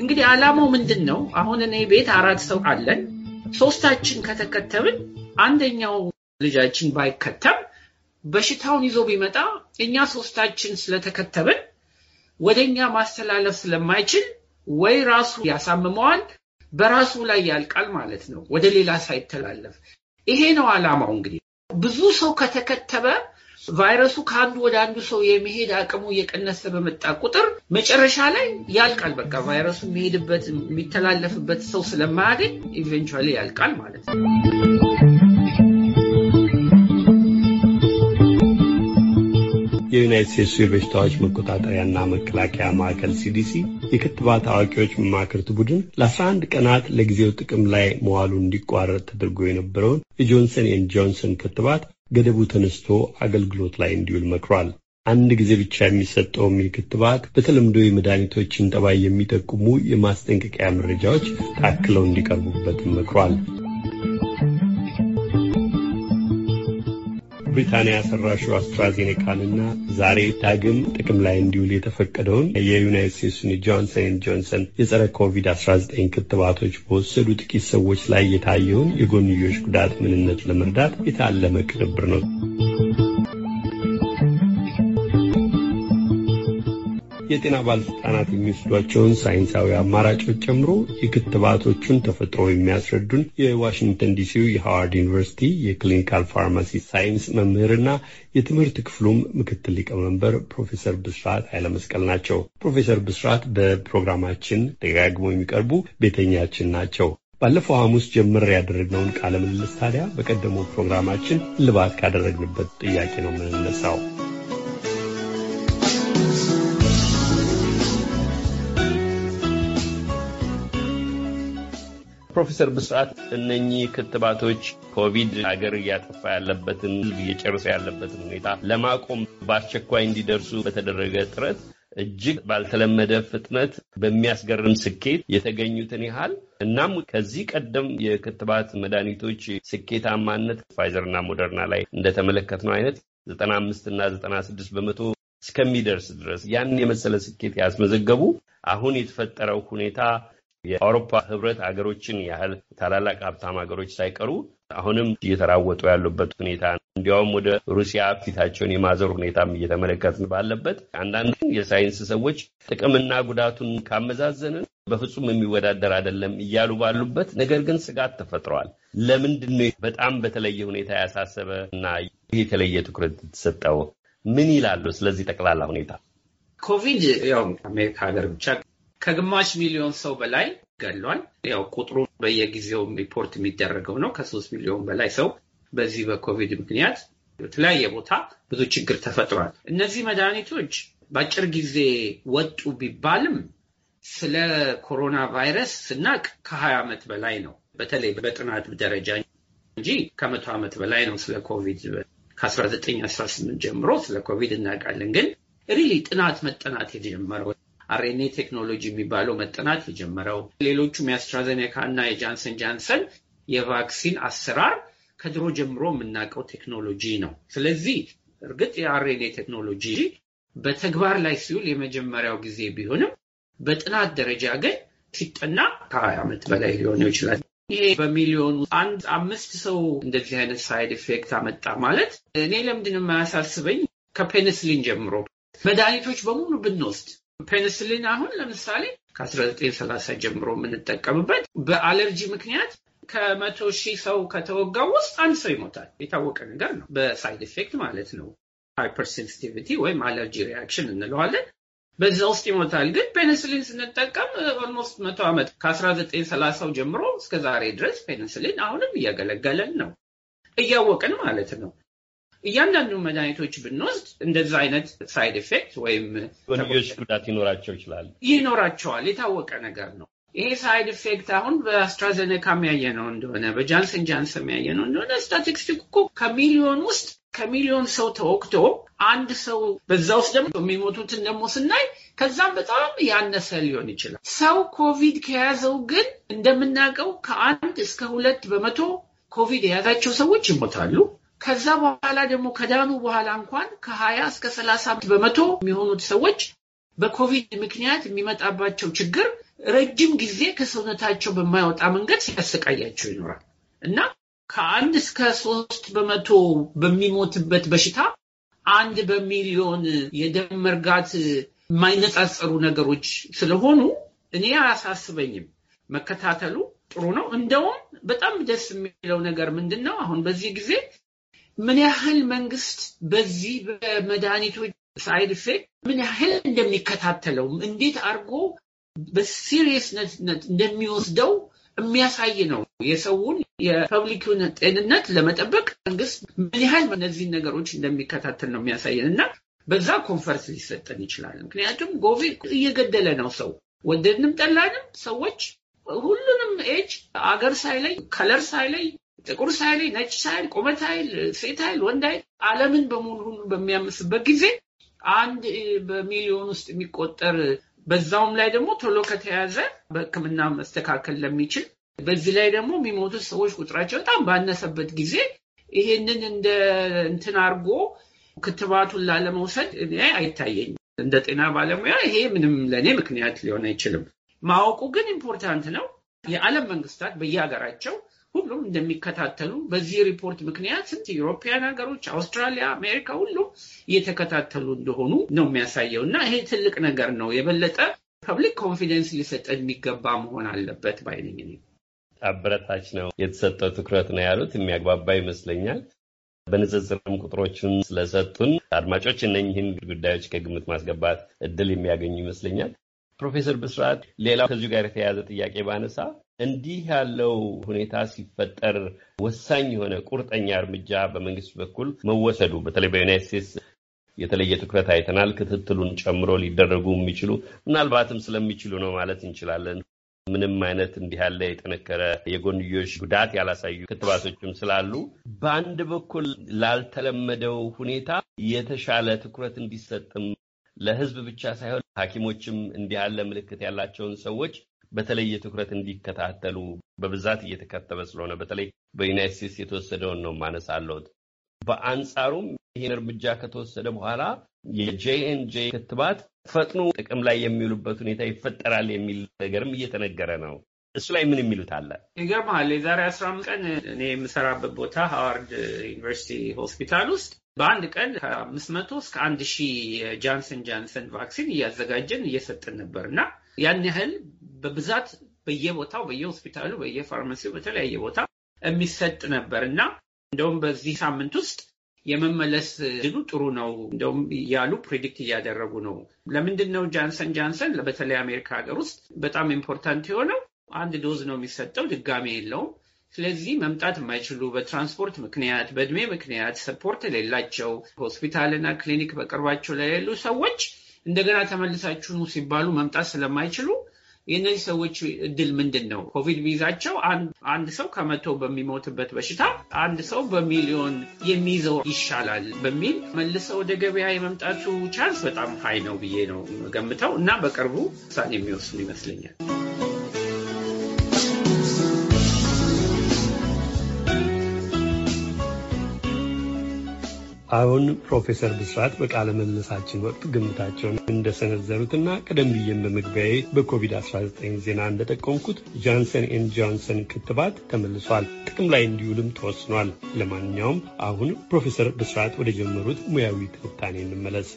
እንግዲህ አላማው ምንድን ነው? አሁን እኔ ቤት አራት ሰው አለን። ሶስታችን ከተከተብን አንደኛው ልጃችን ባይከተብ በሽታውን ይዞ ቢመጣ እኛ ሶስታችን ስለተከተብን ወደ እኛ ማስተላለፍ ስለማይችል ወይ ራሱ ያሳምመዋል በራሱ ላይ ያልቃል ማለት ነው፣ ወደ ሌላ ሳይተላለፍ። ይሄ ነው አላማው እንግዲህ ብዙ ሰው ከተከተበ ቫይረሱ ከአንዱ ወደ አንዱ ሰው የመሄድ አቅሙ እየቀነሰ በመጣ ቁጥር መጨረሻ ላይ ያልቃል። በቃ ቫይረሱ የሚሄድበት የሚተላለፍበት ሰው ስለማያገኝ ኢቨንቹዋሊ ያልቃል ማለት ነው። የዩናይት ስቴትሱ የበሽታዎች መቆጣጠሪያና መከላከያ ማዕከል ሲዲሲ የክትባት አዋቂዎች መማክርት ቡድን ለ11 ቀናት ለጊዜው ጥቅም ላይ መዋሉ እንዲቋረጥ ተደርጎ የነበረውን የጆንሰን ኤንድ ጆንሰን ክትባት ገደቡ ተነስቶ አገልግሎት ላይ እንዲውል መክሯል። አንድ ጊዜ ብቻ የሚሰጠውም ይህ ክትባት በተለምዶ የመድኃኒቶችን ጠባይ የሚጠቁሙ የማስጠንቀቂያ መረጃዎች ታክለው እንዲቀርቡበትም መክሯል። ብሪታንያ ሰራሹ አስትራዜኔካንና ዛሬ ዳግም ጥቅም ላይ እንዲውል የተፈቀደውን የዩናይት ስቴትሱን ጆንሰን ጆንሰን የጸረ ኮቪድ-19 ክትባቶች በወሰዱ ጥቂት ሰዎች ላይ የታየውን የጎንዮሽ ጉዳት ምንነት ለመርዳት የታለመ ቅንብር ነው። የጤና ባለስልጣናት የሚወስዷቸውን ሳይንሳዊ አማራጮች ጨምሮ የክትባቶቹን ተፈጥሮ የሚያስረዱን የዋሽንግተን ዲሲው የሃዋርድ ዩኒቨርሲቲ የክሊኒካል ፋርማሲ ሳይንስ መምህርና የትምህርት ክፍሉም ምክትል ሊቀመንበር ፕሮፌሰር ብስራት ኃይለመስቀል ናቸው። ፕሮፌሰር ብስራት በፕሮግራማችን ደጋግሞ የሚቀርቡ ቤተኛችን ናቸው። ባለፈው ሐሙስ ጀምር ያደረግነውን ቃለ ምልልስ ታዲያ በቀደመው ፕሮግራማችን ልባት ካደረግንበት ጥያቄ ነው የምንነሳው። ፕሮፌሰር ብስራት እነኚህ ክትባቶች ኮቪድ ሀገር እያጠፋ ያለበትን ህዝብ እየጨርሰ ያለበትን ሁኔታ ለማቆም በአስቸኳይ እንዲደርሱ በተደረገ ጥረት እጅግ ባልተለመደ ፍጥነት በሚያስገርም ስኬት የተገኙትን ያህል እናም ከዚህ ቀደም የክትባት መድኃኒቶች ስኬታማነት ፋይዘርና ሞደርና ላይ እንደተመለከትነው አይነት ዘጠና አምስት እና ዘጠና ስድስት በመቶ እስከሚደርስ ድረስ ያን የመሰለ ስኬት ያስመዘገቡ አሁን የተፈጠረው ሁኔታ የአውሮፓ ህብረት ሀገሮችን ያህል ታላላቅ ሀብታም ሀገሮች ሳይቀሩ አሁንም እየተራወጡ ያሉበት ሁኔታ እንዲያውም ወደ ሩሲያ ፊታቸውን የማዞር ሁኔታም እየተመለከትን ባለበት አንዳንድ የሳይንስ ሰዎች ጥቅምና ጉዳቱን ካመዛዘንን በፍጹም የሚወዳደር አይደለም እያሉ ባሉበት፣ ነገር ግን ስጋት ተፈጥረዋል። ለምንድን ነው በጣም በተለየ ሁኔታ ያሳሰበ እና የተለየ ትኩረት የተሰጠው? ምን ይላሉ ስለዚህ ጠቅላላ ሁኔታ? ኮቪድ ያው አሜሪካ ሀገር ብቻ ከግማሽ ሚሊዮን ሰው በላይ ገሏል። ያው ቁጥሩ በየጊዜው ሪፖርት የሚደረገው ነው። ከሶስት ሚሊዮን በላይ ሰው በዚህ በኮቪድ ምክንያት በተለያየ ቦታ ብዙ ችግር ተፈጥሯል። እነዚህ መድኃኒቶች በአጭር ጊዜ ወጡ ቢባልም ስለ ኮሮና ቫይረስ ስናቅ ከሀያ ዓመት በላይ ነው በተለይ በጥናት ደረጃ እንጂ ከመቶ ዓመት በላይ ነው ስለ ኮቪድ ከ1918 ጀምሮ ስለ ኮቪድ እናውቃለን። ግን ሪሊ ጥናት መጠናት የጀመረው አርኤንኤ ቴክኖሎጂ የሚባለው መጠናት የጀመረው ሌሎቹም የአስትራዘኔካ እና የጃንሰን ጃንሰን የቫክሲን አሰራር ከድሮ ጀምሮ የምናውቀው ቴክኖሎጂ ነው። ስለዚህ እርግጥ የአርኤንኤ ቴክኖሎጂ በተግባር ላይ ሲውል የመጀመሪያው ጊዜ ቢሆንም በጥናት ደረጃ ግን ሲጠና ከሀያ ዓመት በላይ ሊሆነው ይችላል። ይሄ በሚሊዮኑ አንድ አምስት ሰው እንደዚህ አይነት ሳይድ ኢፌክት አመጣ ማለት እኔ ለምንድን የማያሳስበኝ ከፔንስሊን ጀምሮ መድኃኒቶች በሙሉ ብንወስድ ፔንስሊን አሁን ለምሳሌ ከ1930 ጀምሮ የምንጠቀምበት በአለርጂ ምክንያት ከመቶ ሺህ ሰው ከተወጋው ውስጥ አንድ ሰው ይሞታል። የታወቀ ነገር ነው። በሳይድ ኢፌክት ማለት ነው። ሃይፐርሴንሲቲቪቲ ወይም አለርጂ ሪያክሽን እንለዋለን። በዛ ውስጥ ይሞታል። ግን ፔንስሊን ስንጠቀም ኦልሞስት መቶ ዓመት ከ1930 ጀምሮ እስከ ዛሬ ድረስ ፔንስሊን አሁንም እያገለገለን ነው፣ እያወቅን ማለት ነው። እያንዳንዱ መድኃኒቶች ብንወስድ እንደዛ አይነት ሳይድ ኢፌክት ወይም ወንዮች ጉዳት ይኖራቸው ይችላል ይኖራቸዋል። የታወቀ ነገር ነው። ይሄ ሳይድ ኢፌክት አሁን በአስትራዘኔካ የሚያየ ነው እንደሆነ በጃንሰን ጃንሰን የሚያየ ነው እንደሆነ ስታቲስቲክ እኮ ከሚሊዮን ውስጥ ከሚሊዮን ሰው ተወቅቶ አንድ ሰው በዛ ውስጥ ደግሞ የሚሞቱትን ደግሞ ስናይ ከዛም በጣም ያነሰ ሊሆን ይችላል። ሰው ኮቪድ ከያዘው ግን እንደምናውቀው ከአንድ እስከ ሁለት በመቶ ኮቪድ የያዛቸው ሰዎች ይሞታሉ። ከዛ በኋላ ደግሞ ከዳኑ በኋላ እንኳን ከሀያ እስከ ሰላሳ በመቶ የሚሆኑት ሰዎች በኮቪድ ምክንያት የሚመጣባቸው ችግር ረጅም ጊዜ ከሰውነታቸው በማይወጣ መንገድ ሲያሰቃያቸው ይኖራል እና ከአንድ እስከ ሶስት በመቶ በሚሞትበት በሽታ አንድ በሚሊዮን የደም መርጋት የማይነጻጸሩ ነገሮች ስለሆኑ እኔ አያሳስበኝም። መከታተሉ ጥሩ ነው። እንደውም በጣም ደስ የሚለው ነገር ምንድን ነው? አሁን በዚህ ጊዜ ምን ያህል መንግስት በዚህ በመድኃኒቶች ሳይድ ኢፌክት ምን ያህል እንደሚከታተለው እንዴት አድርጎ በሲሪየስነት እንደሚወስደው የሚያሳይ ነው። የሰውን የፐብሊኩን ጤንነት ለመጠበቅ መንግስት ምን ያህል እነዚህን ነገሮች እንደሚከታተል ነው የሚያሳየን እና በዛ ኮንፈርስ ሊሰጠን ይችላል። ምክንያቱም ጎቪድ እየገደለ ነው። ሰው ወደድንም ጠላንም ሰዎች ሁሉንም ኤጅ አገር ሳይለይ ከለር ሳይለይ ጥቁር ሳይል፣ ነጭ ሳይል፣ ቁመት ኃይል፣ ሴት ኃይል፣ ወንድ ኃይል ዓለምን በሙሉ ሁሉ በሚያምስበት ጊዜ አንድ በሚሊዮን ውስጥ የሚቆጠር በዛውም ላይ ደግሞ ቶሎ ከተያዘ በሕክምና መስተካከል ለሚችል በዚህ ላይ ደግሞ የሚሞቱት ሰዎች ቁጥራቸው በጣም ባነሰበት ጊዜ ይሄንን እንደ እንትን አድርጎ ክትባቱን ላለመውሰድ እኔ አይታየኝም። እንደ ጤና ባለሙያ ይሄ ምንም ለእኔ ምክንያት ሊሆን አይችልም። ማወቁ ግን ኢምፖርታንት ነው። የዓለም መንግስታት በየሀገራቸው ሁሉም እንደሚከታተሉ በዚህ ሪፖርት ምክንያት ስንት ዩሮፒያን ሀገሮች፣ አውስትራሊያ፣ አሜሪካ ሁሉም እየተከታተሉ እንደሆኑ ነው የሚያሳየው እና ይሄ ትልቅ ነገር ነው። የበለጠ ፐብሊክ ኮንፊደንስ ሊሰጠን የሚገባ መሆን አለበት ባይነኝ። አበረታች ነው የተሰጠው ትኩረት ነው ያሉት የሚያግባባ ይመስለኛል። በንጽጽርም ቁጥሮችን ስለሰጡን አድማጮች እነኝህን ጉዳዮች ከግምት ማስገባት እድል የሚያገኙ ይመስለኛል። ፕሮፌሰር ብስራት ሌላው ከዚሁ ጋር የተያያዘ ጥያቄ ባነሳ እንዲህ ያለው ሁኔታ ሲፈጠር ወሳኝ የሆነ ቁርጠኛ እርምጃ በመንግስት በኩል መወሰዱ በተለይ በዩናይት ስቴትስ የተለየ ትኩረት አይተናል። ክትትሉን ጨምሮ ሊደረጉ የሚችሉ ምናልባትም ስለሚችሉ ነው ማለት እንችላለን። ምንም አይነት እንዲህ ያለ የጠነከረ የጎንዮሽ ጉዳት ያላሳዩ ክትባቶችም ስላሉ በአንድ በኩል ላልተለመደው ሁኔታ የተሻለ ትኩረት እንዲሰጥም ለህዝብ ብቻ ሳይሆን ሐኪሞችም እንዲህ ያለ ምልክት ያላቸውን ሰዎች በተለየ ትኩረት እንዲከታተሉ በብዛት እየተከተበ ስለሆነ በተለይ በዩናይት ስቴትስ የተወሰደውን ነው ማነሳለሁት። በአንጻሩም ይህን እርምጃ ከተወሰደ በኋላ የጄኤንጄ ክትባት ፈጥኖ ጥቅም ላይ የሚውሉበት ሁኔታ ይፈጠራል የሚል ነገርም እየተነገረ ነው። እሱ ላይ ምን የሚሉት አለ? ይገርምሃል፣ የዛሬ አስራ አምስት ቀን እኔ የምሰራበት ቦታ ሃዋርድ ዩኒቨርሲቲ ሆስፒታል ውስጥ በአንድ ቀን ከአምስት መቶ እስከ አንድ ሺህ የጃንሰን ጃንሰን ቫክሲን እያዘጋጀን እየሰጠን ነበር እና ያን ያህል በብዛት በየቦታው በየሆስፒታሉ፣ በየፋርማሲው፣ በተለያየ ቦታ የሚሰጥ ነበር እና እንደውም በዚህ ሳምንት ውስጥ የመመለስ ድሉ ጥሩ ነው እንደውም እያሉ ፕሪዲክት እያደረጉ ነው። ለምንድን ነው ጃንሰን ጃንሰን በተለይ አሜሪካ ሀገር ውስጥ በጣም ኢምፖርታንት የሆነው አንድ ዶዝ ነው የሚሰጠው፣ ድጋሜ የለውም። ስለዚህ መምጣት የማይችሉ በትራንስፖርት ምክንያት፣ በእድሜ ምክንያት ሰፖርት የሌላቸው ሆስፒታልና ክሊኒክ በቅርባቸው ለሌሉ ሰዎች እንደገና ተመልሳችሁ ሲባሉ መምጣት ስለማይችሉ የእነዚህ ሰዎች እድል ምንድን ነው? ኮቪድ ቢይዛቸው አንድ ሰው ከመቶ በሚሞትበት በሽታ አንድ ሰው በሚሊዮን የሚይዘው ይሻላል በሚል መልሰው ወደ ገበያ የመምጣቱ ቻንስ በጣም ሀይ ነው ብዬ ነው ገምተው እና በቅርቡ ውሳኔ የሚወስኑ ይመስለኛል። አሁን ፕሮፌሰር ብስራት በቃለ መልሳችን ወቅት ግምታቸውን እንደሰነዘሩትና ቀደም ብዬም በመግቢያዬ በኮቪድ-19 ዜና እንደጠቀምኩት ጃንሰን ኤንድ ጃንሰን ክትባት ተመልሷል፣ ጥቅም ላይ እንዲውልም ተወስኗል። ለማንኛውም አሁን ፕሮፌሰር ብስራት ወደ ጀመሩት ሙያዊ ትንታኔ እንመለስ።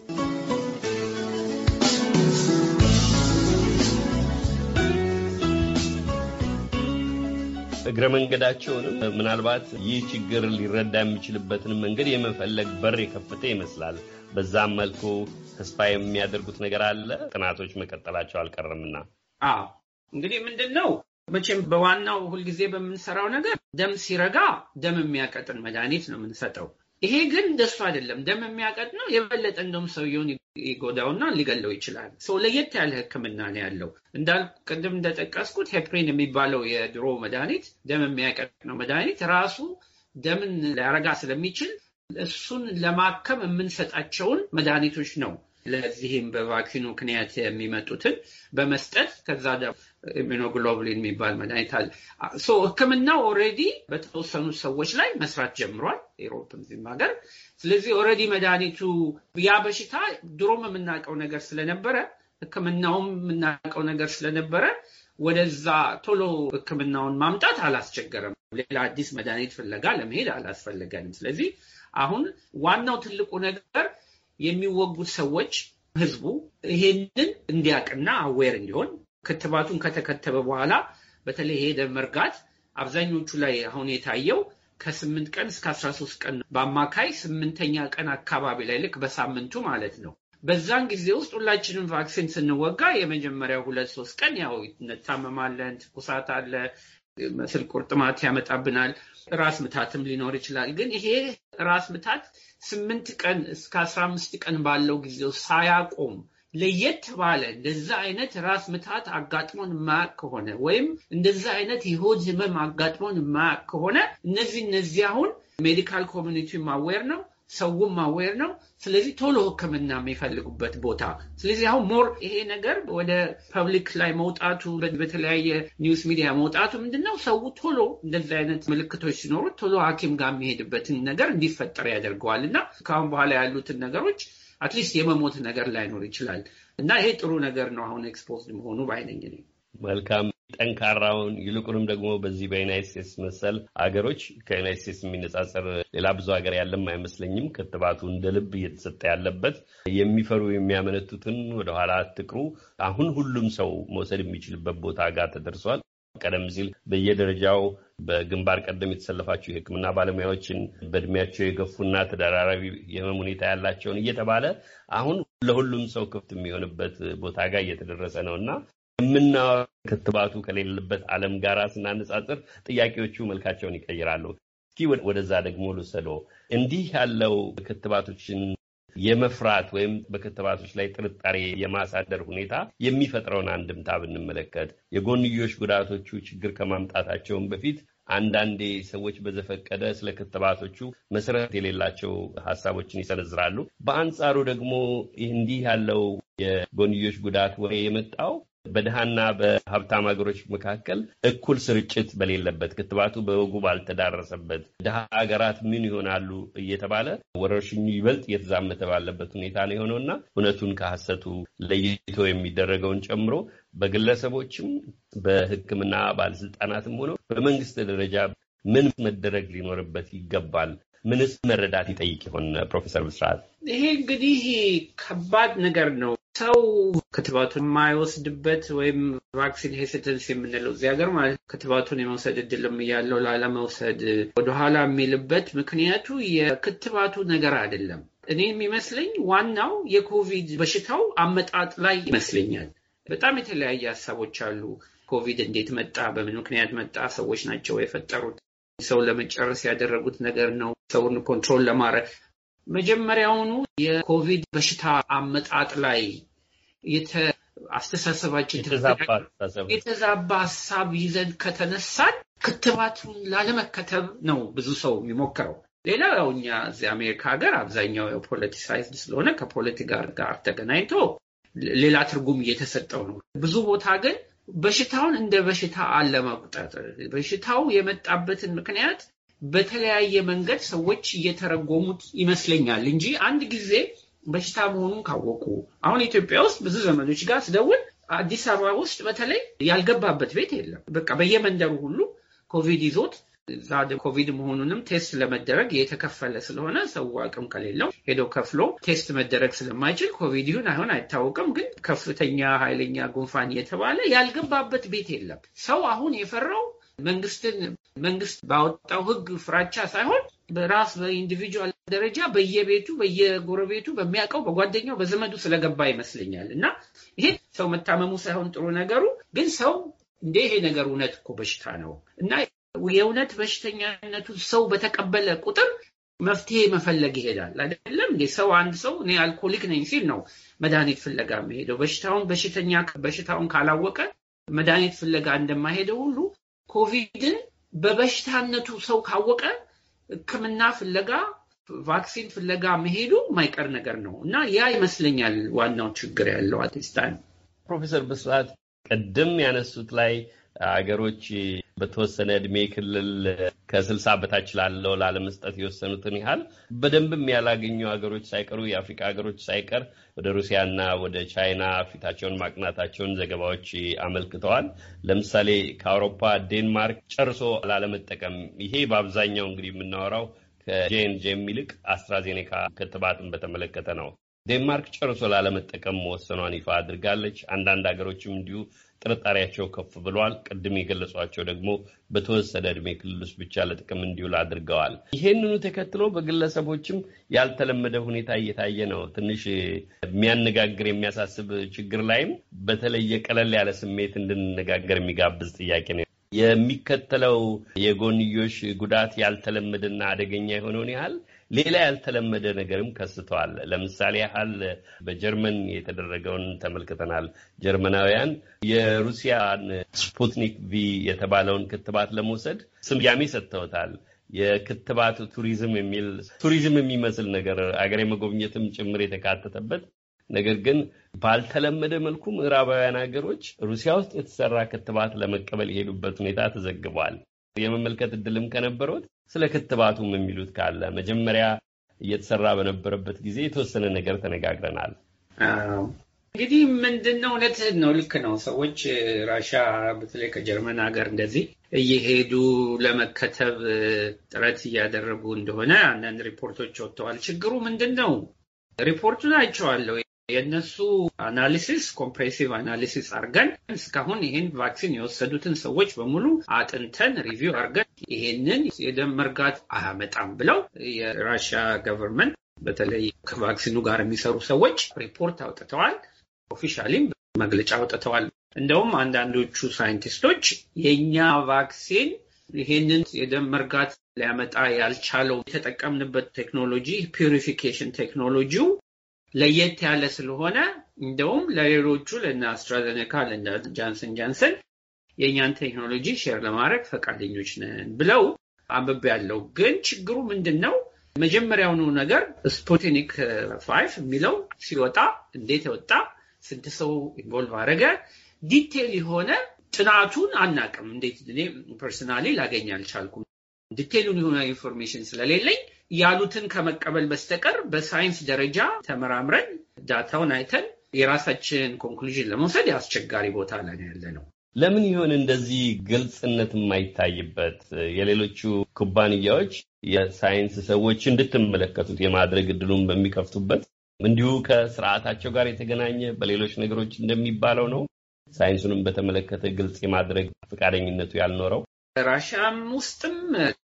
እግረ መንገዳቸውንም ምናልባት ይህ ችግር ሊረዳ የሚችልበትን መንገድ የመፈለግ በር የከፈተ ይመስላል። በዛም መልኩ ተስፋ የሚያደርጉት ነገር አለ። ጥናቶች መቀጠላቸው አልቀረምና። አዎ እንግዲህ ምንድን ነው መቼም በዋናው ሁልጊዜ በምንሰራው ነገር ደም ሲረጋ ደም የሚያቀጥን መድኃኒት ነው የምንሰጠው። ይሄ ግን እንደሱ አይደለም። ደም የሚያቀጥ ነው። የበለጠ እንደውም ሰውየውን ይጎዳውና ሊገለው ይችላል። ሰው ለየት ያለ ሕክምና ነው ያለው። እንዳል ቅድም እንደጠቀስኩት ሄፕሪን የሚባለው የድሮ መድኃኒት ደም የሚያቀጥ ነው መድኃኒት ራሱ ደምን ሊያረጋ ስለሚችል እሱን ለማከም የምንሰጣቸውን መድኃኒቶች ነው ለዚህም በቫኪኑ ምክንያት የሚመጡትን በመስጠት ከዛ ኢሚኖግሎብሊን የሚባል መድኃኒት አለ። ህክምናው ኦልሬዲ በተወሰኑ ሰዎች ላይ መስራት ጀምሯል፣ ኤሮፕም ሀገር። ስለዚህ ኦልሬዲ መድኃኒቱ ያ በሽታ ድሮም የምናውቀው ነገር ስለነበረ ህክምናውም የምናውቀው ነገር ስለነበረ ወደዛ ቶሎ ህክምናውን ማምጣት አላስቸገረም። ሌላ አዲስ መድኃኒት ፍለጋ ለመሄድ አላስፈለገንም። ስለዚህ አሁን ዋናው ትልቁ ነገር የሚወጉት ሰዎች ህዝቡ ይሄንን እንዲያውቅና አዌር እንዲሆን ክትባቱን ከተከተበ በኋላ በተለይ ሄደ መርጋት አብዛኞቹ ላይ አሁን የታየው ከስምንት ቀን እስከ አስራ ሶስት ቀን በአማካይ ስምንተኛ ቀን አካባቢ ላይ ልክ በሳምንቱ ማለት ነው። በዛን ጊዜ ውስጥ ሁላችንም ቫክሲን ስንወጋ የመጀመሪያ ሁለት ሶስት ቀን ያው እንታመማለን፣ ትኩሳት አለ፣ መስል ቁርጥማት ያመጣብናል፣ ራስ ምታትም ሊኖር ይችላል። ግን ይሄ ራስ ምታት ስምንት ቀን እስከ አስራ አምስት ቀን ባለው ጊዜ ሳያቆም ለየት ባለ እንደዛ አይነት ራስ ምታት አጋጥሞን ማያቅ ከሆነ ወይም እንደዛ አይነት የሆድ ህመም አጋጥሞን ማያቅ ከሆነ እነዚህ እነዚህ አሁን ሜዲካል ኮሚኒቲ ማዌር ነው፣ ሰውም ማዌር ነው። ስለዚህ ቶሎ ህክምና የሚፈልጉበት ቦታ። ስለዚህ አሁን ሞር ይሄ ነገር ወደ ፐብሊክ ላይ መውጣቱ በተለያየ ኒውስ ሚዲያ መውጣቱ ምንድነው ሰው ቶሎ እንደዚህ አይነት ምልክቶች ሲኖሩት ቶሎ ሐኪም ጋር የሚሄድበትን ነገር እንዲፈጠር ያደርገዋል እና ከአሁን በኋላ ያሉትን ነገሮች አትሊስት የመሞት ነገር ላይኖር ይችላል እና ይሄ ጥሩ ነገር ነው። አሁን ኤክስፖዝድ መሆኑ ባይነኝ ነኝ። መልካም ጠንካራውን ይልቁንም ደግሞ በዚህ በዩናይት ስቴትስ መሰል አገሮች ከዩናይት ስቴትስ የሚነጻጸር ሌላ ብዙ ሀገር ያለም አይመስለኝም። ክትባቱ እንደ ልብ እየተሰጠ ያለበት የሚፈሩ የሚያመነቱትን ወደኋላ አትቅሩ። አሁን ሁሉም ሰው መውሰድ የሚችልበት ቦታ ጋር ተደርሷል። ቀደም ሲል በየደረጃው በግንባር ቀደም የተሰለፋቸው የሕክምና ባለሙያዎችን በእድሜያቸው የገፉና ተደራራቢ የህመም ሁኔታ ያላቸውን እየተባለ አሁን ለሁሉም ሰው ክፍት የሚሆንበት ቦታ ጋር እየተደረሰ ነው እና የምናወራው ክትባቱ ከሌለበት ዓለም ጋር ስናነጻጽር ጥያቄዎቹ መልካቸውን ይቀይራሉ። እስኪ ወደዛ ደግሞ ልውሰዶ እንዲህ ያለው ክትባቶችን የመፍራት ወይም በክትባቶች ላይ ጥርጣሬ የማሳደር ሁኔታ የሚፈጥረውን አንድምታ ብንመለከት የጎንዮሽ ጉዳቶቹ ችግር ከማምጣታቸውን በፊት አንዳንዴ ሰዎች በዘፈቀደ ስለ ክትባቶቹ መሰረት የሌላቸው ሀሳቦችን ይሰነዝራሉ። በአንጻሩ ደግሞ እንዲህ ያለው የጎንዮሽ ጉዳት ወሬ የመጣው በድሃና በሀብታም ሀገሮች መካከል እኩል ስርጭት በሌለበት ክትባቱ በወጉ ባልተዳረሰበት ድሃ ሀገራት ምን ይሆናሉ እየተባለ ወረርሽኙ ይበልጥ እየተዛመተ ባለበት ሁኔታ ነው የሆነው እና እውነቱን ከሐሰቱ ለይቶ የሚደረገውን ጨምሮ በግለሰቦችም በሕክምና ባለስልጣናትም ሆነው በመንግስት ደረጃ ምን መደረግ ሊኖርበት ይገባል? ምንስ መረዳት ይጠይቅ ይሆን? ፕሮፌሰር ብስራት፣ ይሄ እንግዲህ ከባድ ነገር ነው። ሰው ክትባቱን የማይወስድበት ወይም ቫክሲን ሄሲተንስ የምንለው እዚህ ሀገር ማለት ክትባቱን የመውሰድ እድልም እያለው ላለመውሰድ ወደኋላ የሚልበት ምክንያቱ የክትባቱ ነገር አይደለም። እኔ የሚመስለኝ ዋናው የኮቪድ በሽታው አመጣጥ ላይ ይመስለኛል። በጣም የተለያየ ሀሳቦች አሉ። ኮቪድ እንዴት መጣ? በምን ምክንያት መጣ? ሰዎች ናቸው የፈጠሩት? ሰው ለመጨረስ ያደረጉት ነገር ነው? ሰውን ኮንትሮል ለማድረግ መጀመሪያውኑ የኮቪድ በሽታ አመጣጥ ላይ አስተሳሰባችን የተዛባ ሀሳብ ይዘን ከተነሳን ክትባቱን ላለመከተብ ነው ብዙ ሰው የሚሞክረው። ሌላው ያው እኛ እዚህ አሜሪካ ሀገር አብዛኛው የፖለቲሳይዝድ ስለሆነ ከፖለቲካ ጋር ተገናኝቶ ሌላ ትርጉም እየተሰጠው ነው። ብዙ ቦታ ግን በሽታውን እንደ በሽታ አለመቁጠር በሽታው የመጣበትን ምክንያት በተለያየ መንገድ ሰዎች እየተረጎሙት ይመስለኛል እንጂ አንድ ጊዜ በሽታ መሆኑን ካወቁ አሁን ኢትዮጵያ ውስጥ ብዙ ዘመዶች ጋር ስደውል አዲስ አበባ ውስጥ በተለይ ያልገባበት ቤት የለም። በቃ በየመንደሩ ሁሉ ኮቪድ ይዞት እዛ ኮቪድ መሆኑንም ቴስት ለመደረግ የተከፈለ ስለሆነ ሰው አቅም ከሌለው ሄዶ ከፍሎ ቴስት መደረግ ስለማይችል ኮቪድ ይሁን አይሆን አይታወቅም፣ ግን ከፍተኛ ኃይለኛ ጉንፋን የተባለ ያልገባበት ቤት የለም። ሰው አሁን የፈራው መንግስትን መንግስት ባወጣው ህግ ፍራቻ ሳይሆን በራስ በኢንዲቪጁዋል ደረጃ በየቤቱ በየጎረቤቱ በሚያውቀው በጓደኛው በዘመዱ ስለገባ ይመስለኛል። እና ይሄ ሰው መታመሙ ሳይሆን ጥሩ ነገሩ ግን ሰው እንደ ይሄ ነገር እውነት እኮ በሽታ ነው እና የእውነት በሽተኛነቱ ሰው በተቀበለ ቁጥር መፍትሄ መፈለግ ይሄዳል። አይደለም እ ሰው አንድ ሰው እኔ አልኮሊክ ነኝ ሲል ነው መድኃኒት ፍለጋ የሚሄደው። በሽታውን በሽተኛ በሽታውን ካላወቀ መድኃኒት ፍለጋ እንደማይሄደው ሁሉ ኮቪድን በበሽታነቱ ሰው ካወቀ ሕክምና ፍለጋ ቫክሲን ፍለጋ መሄዱ ማይቀር ነገር ነው እና ያ ይመስለኛል ዋናው ችግር ያለው አቴስታን ፕሮፌሰር ብስራት ቅድም ያነሱት ላይ አገሮች በተወሰነ እድሜ ክልል ከስልሳ በታች ላለው ላለመስጠት የወሰኑትን ያህል በደንብም ያላገኙ ሀገሮች ሳይቀሩ የአፍሪካ ሀገሮች ሳይቀር ወደ ሩሲያና ወደ ቻይና ፊታቸውን ማቅናታቸውን ዘገባዎች አመልክተዋል። ለምሳሌ ከአውሮፓ ዴንማርክ ጨርሶ ላለመጠቀም ይሄ በአብዛኛው እንግዲህ የምናወራው ከጄንጄም ይልቅ አስትራዜኔካ ክትባትን በተመለከተ ነው። ዴንማርክ ጨርሶ ላለመጠቀም መወሰኗን ይፋ አድርጋለች። አንዳንድ ሀገሮችም እንዲሁ ጥርጣሬያቸው ከፍ ብሏል። ቅድም የገለጿቸው ደግሞ በተወሰደ እድሜ ክልል ውስጥ ብቻ ለጥቅም እንዲውል አድርገዋል። ይሄንኑ ተከትሎ በግለሰቦችም ያልተለመደ ሁኔታ እየታየ ነው። ትንሽ የሚያነጋግር የሚያሳስብ ችግር ላይም በተለየ ቀለል ያለ ስሜት እንድንነጋገር የሚጋብዝ ጥያቄ ነው። የሚከተለው የጎንዮሽ ጉዳት ያልተለመደና አደገኛ የሆነውን ያህል ሌላ ያልተለመደ ነገርም ከስተዋል። ለምሳሌ ያህል በጀርመን የተደረገውን ተመልክተናል። ጀርመናውያን የሩሲያን ስፑትኒክ ቪ የተባለውን ክትባት ለመውሰድ ስያሜ ሰጥተውታል። የክትባት ቱሪዝም የሚል ቱሪዝም የሚመስል ነገር አገር መጎብኘትም ጭምር የተካተተበት ነገር ግን ባልተለመደ መልኩ ምዕራባውያን ሀገሮች ሩሲያ ውስጥ የተሰራ ክትባት ለመቀበል የሄዱበት ሁኔታ ተዘግቧል። የመመልከት እድልም ከነበሩት ስለ ክትባቱም የሚሉት ካለ መጀመሪያ እየተሰራ በነበረበት ጊዜ የተወሰነ ነገር ተነጋግረናል። እንግዲህ ምንድን ነው ነው፣ ልክ ነው። ሰዎች ራሻ በተለይ ከጀርመን ሀገር እንደዚህ እየሄዱ ለመከተብ ጥረት እያደረጉ እንደሆነ አንዳንድ ሪፖርቶች ወጥተዋል። ችግሩ ምንድን ነው? ሪፖርቱን አይቼዋለሁ። የእነሱ አናሊሲስ ኮምፕሬሲቭ አናሊሲስ አርገን እስካሁን ይህን ቫክሲን የወሰዱትን ሰዎች በሙሉ አጥንተን ሪቪው አርገን ይሄንን የደም መርጋት አያመጣም ብለው የራሽያ ገቨርንመንት በተለይ ከቫክሲኑ ጋር የሚሰሩ ሰዎች ሪፖርት አውጥተዋል። ኦፊሻሊም መግለጫ አውጥተዋል። እንደውም አንዳንዶቹ ሳይንቲስቶች የእኛ ቫክሲን ይሄንን የደም መርጋት ሊያመጣ ያልቻለው የተጠቀምንበት ቴክኖሎጂ ፒሪፊኬሽን ቴክኖሎጂው ለየት ያለ ስለሆነ እንደውም ለሌሎቹ ለእነ አስትራዘኔካ ለእነ ጃንሰን ጃንሰን የእኛን ቴክኖሎጂ ሼር ለማድረግ ፈቃደኞች ነን ብለው አንብብ ያለው። ግን ችግሩ ምንድን ነው? መጀመሪያውኑ ነገር ስፑትኒክ ፋይፍ የሚለው ሲወጣ እንዴት ወጣ፣ ስንት ሰው ኢንቮልቭ አረገ ዲቴል የሆነ ጥናቱን አናቅም። እንዴት እኔ ፐርሰናሊ ላገኝ አልቻልኩም። ዲቴሉን የሆነ ኢንፎርሜሽን ስለሌለኝ ያሉትን ከመቀበል በስተቀር በሳይንስ ደረጃ ተመራምረን ዳታውን አይተን የራሳችንን ኮንክሉዥን ለመውሰድ አስቸጋሪ ቦታ ላይ ያለ ነው። ለምን ይሆን እንደዚህ ግልጽነት የማይታይበት? የሌሎቹ ኩባንያዎች የሳይንስ ሰዎች እንድትመለከቱት የማድረግ እድሉን በሚከፍቱበት እንዲሁ ከስርዓታቸው ጋር የተገናኘ በሌሎች ነገሮች እንደሚባለው ነው። ሳይንሱንም በተመለከተ ግልጽ የማድረግ ፈቃደኝነቱ ያልኖረው ራሽያም ውስጥም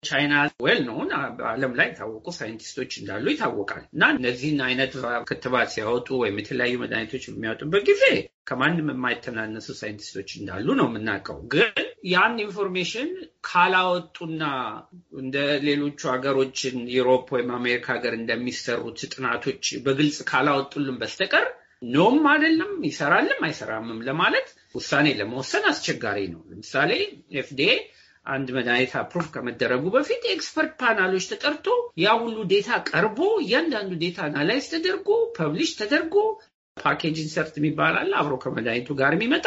ቻይና ዌል ነውን በዓለም ላይ የታወቁ ሳይንቲስቶች እንዳሉ ይታወቃል። እና እነዚህን አይነት ክትባት ሲያወጡ ወይም የተለያዩ መድኃኒቶች በሚያወጡበት ጊዜ ከማንም የማይተናነሱ ሳይንቲስቶች እንዳሉ ነው የምናውቀው። ግን ያን ኢንፎርሜሽን ካላወጡና እንደ ሌሎቹ ሀገሮችን ዩሮፕ ወይም አሜሪካ ሀገር እንደሚሰሩት ጥናቶች በግልጽ ካላወጡልን በስተቀር ኖም አይደለም ይሰራልም አይሰራምም ለማለት ውሳኔ ለመወሰን አስቸጋሪ ነው። ለምሳሌ ኤፍዲኤ አንድ መድኃኒት አፕሩቭ ከመደረጉ በፊት የኤክስፐርት ፓናሎች ተጠርቶ ያ ሁሉ ዴታ ቀርቦ እያንዳንዱ ዴታ አናላይዝ ተደርጎ ፐብሊሽ ተደርጎ ፓኬጅ ኢንሰርት የሚባል አለ አብሮ ከመድኃኒቱ ጋር የሚመጣ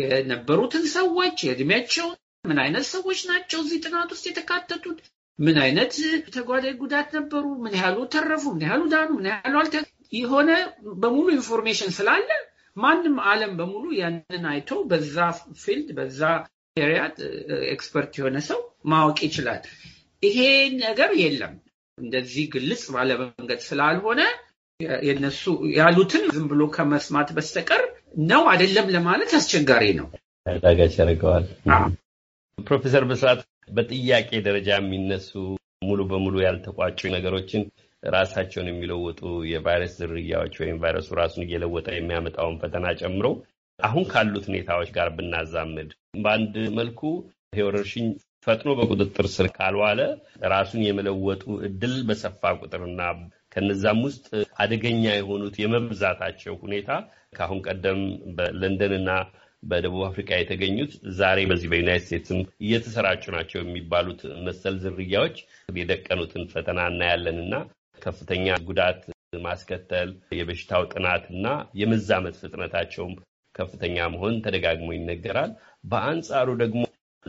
የነበሩትን ሰዎች የእድሜያቸውን ምን አይነት ሰዎች ናቸው እዚህ ጥናት ውስጥ የተካተቱት ምን አይነት ተጓዳይ ጉዳት ነበሩ ምን ያህሉ ተረፉ ምን ያህሉ ዳኑ ምን ያህሉ አልተ የሆነ በሙሉ ኢንፎርሜሽን ስላለ ማንም አለም በሙሉ ያንን አይቶ በዛ ፊልድ በዛ ኤሪያ ኤክስፐርት የሆነ ሰው ማወቅ ይችላል። ይሄ ነገር የለም እንደዚህ ግልጽ ባለመንገድ ስላልሆነ የነሱ ያሉትን ዝም ብሎ ከመስማት በስተቀር ነው አይደለም ለማለት አስቸጋሪ ነው። አዳጋች ያደርገዋል። ፕሮፌሰር በስርዓት በጥያቄ ደረጃ የሚነሱ ሙሉ በሙሉ ያልተቋጩ ነገሮችን ራሳቸውን የሚለወጡ የቫይረስ ዝርያዎች ወይም ቫይረሱ ራሱን እየለወጠ የሚያመጣውን ፈተና ጨምሮ አሁን ካሉት ሁኔታዎች ጋር ብናዛምድ በአንድ መልኩ ይሄ ፈጥኖ በቁጥጥር ስር ካልዋለ ራሱን የመለወጡ እድል በሰፋ ቁጥርና ከነዛም ውስጥ አደገኛ የሆኑት የመብዛታቸው ሁኔታ ከአሁን ቀደም በለንደንና በደቡብ አፍሪካ የተገኙት ዛሬ በዚህ በዩናይት ስቴትስም እየተሰራጩ ናቸው የሚባሉት መሰል ዝርያዎች የደቀኑትን ፈተና እናያለንና ከፍተኛ ጉዳት ማስከተል የበሽታው ጥናትና የመዛመት ፍጥነታቸውም ከፍተኛ መሆን ተደጋግሞ ይነገራል። በአንጻሩ ደግሞ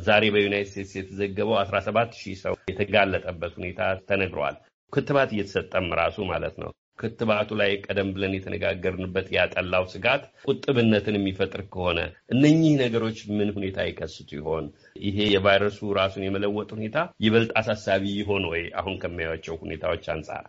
ዛሬ በዩናይት ስቴትስ የተዘገበው 17 ሺህ ሰው የተጋለጠበት ሁኔታ ተነግሯል። ክትባት እየተሰጠም ራሱ ማለት ነው። ክትባቱ ላይ ቀደም ብለን የተነጋገርንበት ያጠላው ስጋት ቁጥብነትን የሚፈጥር ከሆነ እነኚህ ነገሮች ምን ሁኔታ ይከስቱ ይሆን? ይሄ የቫይረሱ ራሱን የመለወጥ ሁኔታ ይበልጥ አሳሳቢ ይሆን ወይ? አሁን ከሚያያቸው ሁኔታዎች አንጻር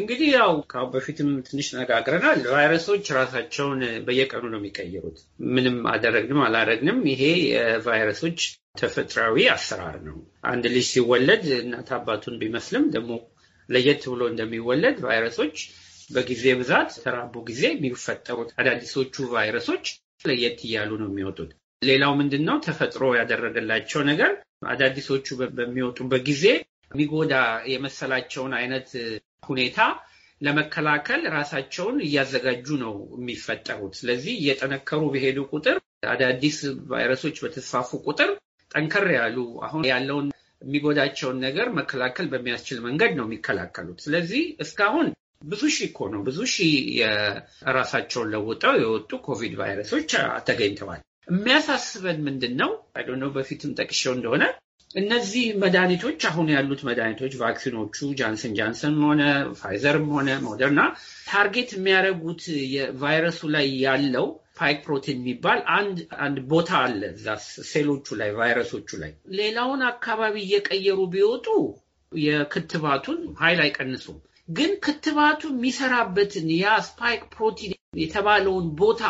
እንግዲህ ያው ካሁ በፊትም ትንሽ ነጋግረናል። ቫይረሶች ራሳቸውን በየቀኑ ነው የሚቀይሩት። ምንም አደረግንም አላደረግንም፣ ይሄ የቫይረሶች ተፈጥሯዊ አሰራር ነው። አንድ ልጅ ሲወለድ እናት አባቱን ቢመስልም ደግሞ ለየት ብሎ እንደሚወለድ ቫይረሶች በጊዜ ብዛት ተራቡ ጊዜ የሚፈጠሩት አዳዲሶቹ ቫይረሶች ለየት እያሉ ነው የሚወጡት። ሌላው ምንድን ነው ተፈጥሮ ያደረገላቸው ነገር አዳዲሶቹ በሚወጡበት ጊዜ የሚጎዳ የመሰላቸውን አይነት ሁኔታ ለመከላከል ራሳቸውን እያዘጋጁ ነው የሚፈጠሩት። ስለዚህ እየጠነከሩ በሄዱ ቁጥር አዳዲስ ቫይረሶች በተስፋፉ ቁጥር ጠንከር ያሉ አሁን ያለውን የሚጎዳቸውን ነገር መከላከል በሚያስችል መንገድ ነው የሚከላከሉት። ስለዚህ እስካሁን ብዙ ሺህ እኮ ነው ብዙ ሺህ የራሳቸውን ለውጠው የወጡ ኮቪድ ቫይረሶች ተገኝተዋል። የሚያሳስበን ምንድን ነው? አይዶ በፊትም ጠቅሼው እንደሆነ እነዚህ መድኃኒቶች አሁን ያሉት መድኃኒቶች ቫክሲኖቹ ጃንሰን ጃንሰን ሆነ ፋይዘርም ሆነ ሞደርና ታርጌት የሚያደርጉት የቫይረሱ ላይ ያለው ስፓይክ ፕሮቲን የሚባል አንድ አንድ ቦታ አለ እዛ ሴሎቹ ላይ ቫይረሶቹ ላይ። ሌላውን አካባቢ እየቀየሩ ቢወጡ የክትባቱን ሀይል አይቀንሱም። ግን ክትባቱ የሚሰራበትን ያ ስፓይክ ፕሮቲን የተባለውን ቦታ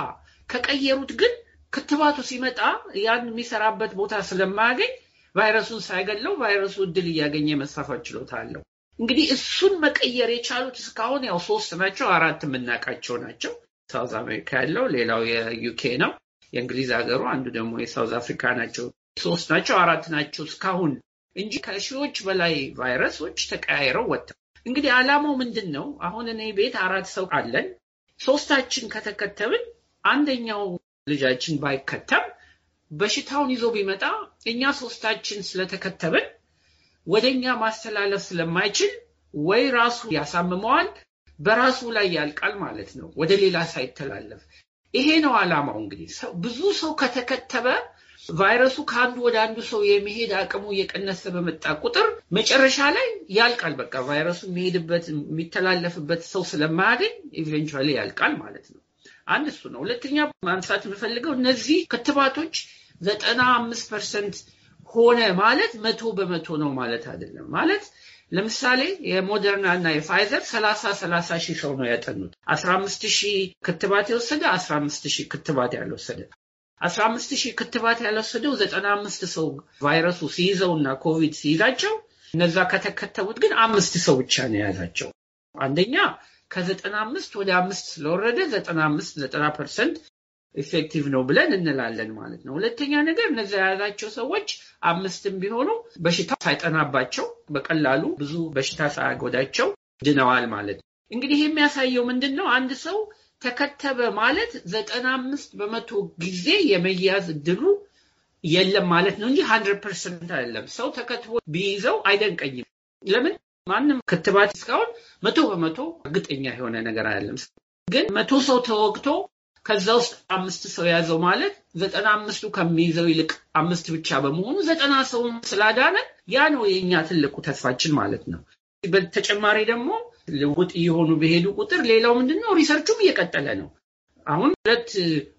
ከቀየሩት ግን ክትባቱ ሲመጣ ያን የሚሰራበት ቦታ ስለማያገኝ ቫይረሱን ሳይገለው ቫይረሱ እድል እያገኘ የመሳፋት ችሎታ አለው። እንግዲህ እሱን መቀየር የቻሉት እስካሁን ያው ሶስት ናቸው፣ አራት የምናውቃቸው ናቸው። ሳውዝ አሜሪካ ያለው ሌላው የዩኬ ነው፣ የእንግሊዝ ሀገሩ አንዱ ደግሞ የሳውዝ አፍሪካ ናቸው። ሶስት ናቸው፣ አራት ናቸው እስካሁን እንጂ ከሺዎች በላይ ቫይረሶች ተቀያይረው ወጥተው እንግዲህ አላማው ምንድን ነው? አሁን እኔ ቤት አራት ሰው አለን። ሶስታችን ከተከተብን አንደኛው ልጃችን ባይከተም በሽታውን ይዞ ቢመጣ እኛ ሶስታችን ስለተከተብን ወደ እኛ ማስተላለፍ ስለማይችል ወይ ራሱ ያሳምመዋል፣ በራሱ ላይ ያልቃል ማለት ነው፣ ወደ ሌላ ሳይተላለፍ። ይሄ ነው አላማው እንግዲህ ብዙ ሰው ከተከተበ ቫይረሱ ከአንዱ ወደ አንዱ ሰው የመሄድ አቅሙ እየቀነሰ በመጣ ቁጥር መጨረሻ ላይ ያልቃል። በቃ ቫይረሱ የሚሄድበት የሚተላለፍበት ሰው ስለማያገኝ ኢቨንቹዋሊ ያልቃል ማለት ነው። አንድ እሱ ነው። ሁለተኛ ማንሳት የምፈልገው እነዚህ ክትባቶች ዘጠና አምስት ፐርሰንት ሆነ ማለት መቶ በመቶ ነው ማለት አይደለም። ማለት ለምሳሌ የሞደርና እና የፋይዘር ሰላሳ ሰላሳ ሺህ ሰው ነው ያጠኑት። አስራ አምስት ሺህ ክትባት የወሰደ አስራ አምስት ሺህ ክትባት ያልወሰደ አስራ አምስት ሺህ ክትባት ያልወሰደው ዘጠና አምስት ሰው ቫይረሱ ሲይዘው እና ኮቪድ ሲይዛቸው እነዛ ከተከተቡት ግን አምስት ሰው ብቻ ነው የያዛቸው። አንደኛ ከዘጠና አምስት ወደ አምስት ስለወረደ ዘጠና አምስት ዘጠና ፐርሰንት ኢፌክቲቭ ነው ብለን እንላለን ማለት ነው። ሁለተኛ ነገር እነዚ የያዛቸው ሰዎች አምስትም ቢሆኑ በሽታ ሳይጠናባቸው በቀላሉ ብዙ በሽታ ሳያጎዳቸው ድነዋል ማለት ነው። እንግዲህ የሚያሳየው ምንድን ነው? አንድ ሰው ተከተበ ማለት ዘጠና አምስት በመቶ ጊዜ የመያዝ እድሉ የለም ማለት ነው እንጂ ሀንድረድ ፐርሰንት አይደለም። ሰው ተከትቦ ቢይዘው አይደንቀኝም። ለምን ማንም ክትባት እስካሁን መቶ በመቶ እርግጠኛ የሆነ ነገር አይደለም። ግን መቶ ሰው ተወግቶ ከዛ ውስጥ አምስት ሰው ያዘው ማለት ዘጠና አምስቱ ከሚይዘው ይልቅ አምስት ብቻ በመሆኑ ዘጠና ሰውን ስላዳነ ያ ነው የእኛ ትልቁ ተስፋችን ማለት ነው። በተጨማሪ ደግሞ ልውጥ እየሆኑ በሄዱ ቁጥር ሌላው ምንድን ነው ሪሰርቹም እየቀጠለ ነው። አሁን ሁለት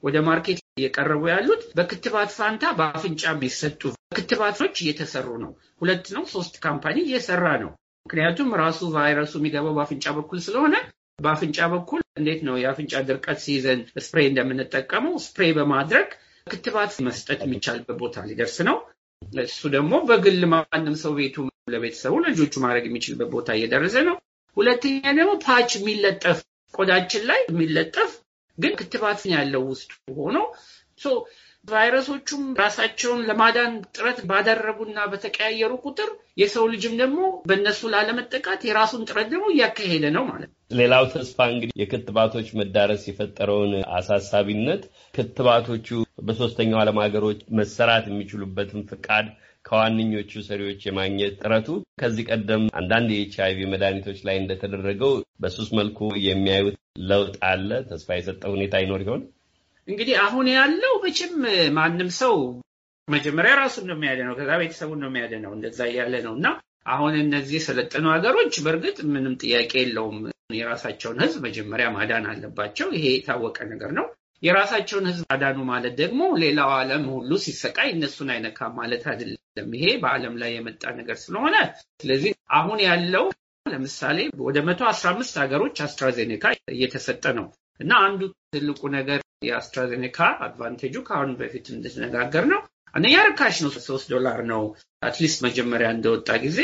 ወደ ማርኬት እየቀረቡ ያሉት በክትባት ፋንታ በአፍንጫ የሚሰጡ ክትባቶች እየተሰሩ ነው። ሁለት ነው ሶስት ካምፓኒ እየሰራ ነው። ምክንያቱም ራሱ ቫይረሱ የሚገባው በአፍንጫ በኩል ስለሆነ በአፍንጫ በኩል እንዴት ነው የአፍንጫ ድርቀት ሲይዘን ስፕሬይ እንደምንጠቀመው ስፕሬይ በማድረግ ክትባት መስጠት የሚቻልበት ቦታ ሊደርስ ነው። እሱ ደግሞ በግል ማንም ሰው ቤቱ ለቤተሰቡ ልጆቹ ማድረግ የሚችልበት ቦታ እየደረሰ ነው። ሁለተኛ ደግሞ ፓች የሚለጠፍ ቆዳችን ላይ የሚለጠፍ ግን ክትባት ያለው ውስጡ ሆኖ ቫይረሶቹም ራሳቸውን ለማዳን ጥረት ባደረጉና በተቀያየሩ ቁጥር የሰው ልጅም ደግሞ በእነሱ ላለመጠቃት የራሱን ጥረት ደግሞ እያካሄደ ነው ማለት ነው። ሌላው ተስፋ እንግዲህ የክትባቶች መዳረስ የፈጠረውን አሳሳቢነት ክትባቶቹ በሶስተኛው ዓለም ሀገሮች መሰራት የሚችሉበትን ፍቃድ ከዋነኞቹ ሰሪዎች የማግኘት ጥረቱ ከዚህ ቀደም አንዳንድ የኤች አይቪ መድኃኒቶች ላይ እንደተደረገው በሱስ መልኩ የሚያዩት ለውጥ አለ? ተስፋ የሰጠ ሁኔታ ይኖር ይሆን? እንግዲህ አሁን ያለው መቼም ማንም ሰው መጀመሪያ ራሱን ነው የሚያድነው፣ ከዛ ቤተሰቡን ነው የሚያድነው። እንደዛ እያለ ነው እና አሁን እነዚህ የሰለጠኑ ሀገሮች በእርግጥ ምንም ጥያቄ የለውም የራሳቸውን ህዝብ መጀመሪያ ማዳን አለባቸው። ይሄ የታወቀ ነገር ነው። የራሳቸውን ህዝብ አዳኑ ማለት ደግሞ ሌላው ዓለም ሁሉ ሲሰቃይ እነሱን አይነካ ማለት አይደለም። ይሄ በዓለም ላይ የመጣ ነገር ስለሆነ ስለዚህ አሁን ያለው ለምሳሌ ወደ መቶ አስራ አምስት ሀገሮች አስትራዜኔካ እየተሰጠ ነው እና አንዱ ትልቁ ነገር የአስትራዜኔካ አድቫንቴጁ ከአሁን በፊት እንደተነጋገር ነው አንደኛ ርካሽ ነው፣ ሶስት ዶላር ነው አትሊስት መጀመሪያ እንደወጣ ጊዜ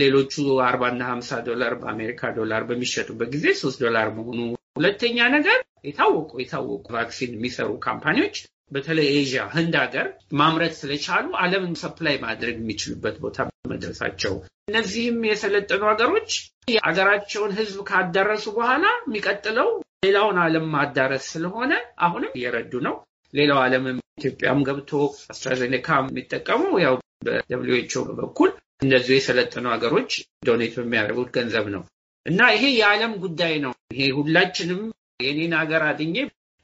ሌሎቹ አርባና ሀምሳ ዶላር በአሜሪካ ዶላር በሚሸጡበት ጊዜ ሶስት ዶላር መሆኑ። ሁለተኛ ነገር የታወቁ የታወቁ ቫክሲን የሚሰሩ ካምፓኒዎች በተለይ ኤዥያ ህንድ ሀገር ማምረት ስለቻሉ ዓለምን ሰፕላይ ማድረግ የሚችሉበት ቦታ መድረሳቸው እነዚህም የሰለጠኑ ሀገሮች የሀገራቸውን ህዝብ ካዳረሱ በኋላ የሚቀጥለው ሌላውን ዓለም ማዳረስ ስለሆነ አሁንም እየረዱ ነው። ሌላው ዓለምም ኢትዮጵያም ገብቶ አስትራዜኔካ የሚጠቀመው ያው በደብሊው ኤች ኦ በኩል እንደዚሁ የሰለጠኑ ሀገሮች ዶኔት የሚያደርጉት ገንዘብ ነው እና ይሄ የዓለም ጉዳይ ነው። ይሄ ሁላችንም የኔን ሀገር አድኜ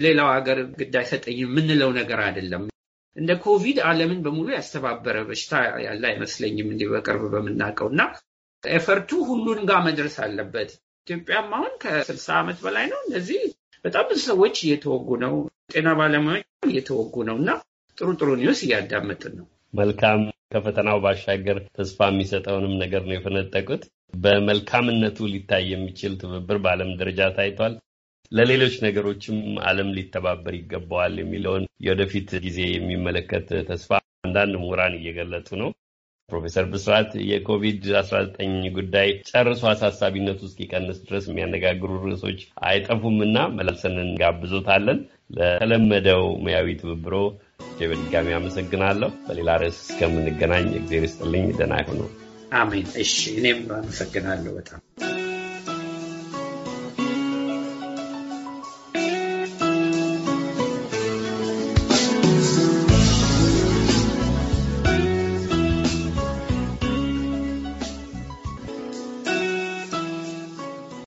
ሌላው ሀገር ግድ አይሰጠኝ የምንለው ነገር አይደለም። እንደ ኮቪድ ዓለምን በሙሉ ያስተባበረ በሽታ ያለ አይመስለኝም እንዲህ በቅርብ በምናውቀው እና ኤፈርቱ ሁሉን ጋር መድረስ አለበት። ኢትዮጵያም አሁን ከስልሳ ዓመት በላይ ነው። እነዚህ በጣም ብዙ ሰዎች እየተወጉ ነው። ጤና ባለሙያዎች እየተወጉ ነው እና ጥሩ ጥሩ ኒውስ እያዳመጥን ነው። መልካም ከፈተናው ባሻገር ተስፋ የሚሰጠውንም ነገር ነው የፈነጠቁት። በመልካምነቱ ሊታይ የሚችል ትብብር በዓለም ደረጃ ታይቷል። ለሌሎች ነገሮችም ዓለም ሊተባበር ይገባዋል የሚለውን የወደፊት ጊዜ የሚመለከት ተስፋ አንዳንድ ምሁራን እየገለጹ ነው። ፕሮፌሰር ብስራት የኮቪድ-19 ጉዳይ ጨርሶ አሳሳቢነቱ እስኪቀንስ ድረስ የሚያነጋግሩ ርዕሶች አይጠፉም እና መላልሰን እንጋብዞታለን። ለተለመደው ሙያዊ ትብብሮ በድጋሚ አመሰግናለሁ። በሌላ ርዕስ እስከምንገናኝ እግዜር ይስጥልኝ። ደህና ይሁኑ። አሜን። እሺ፣ እኔም አመሰግናለሁ በጣም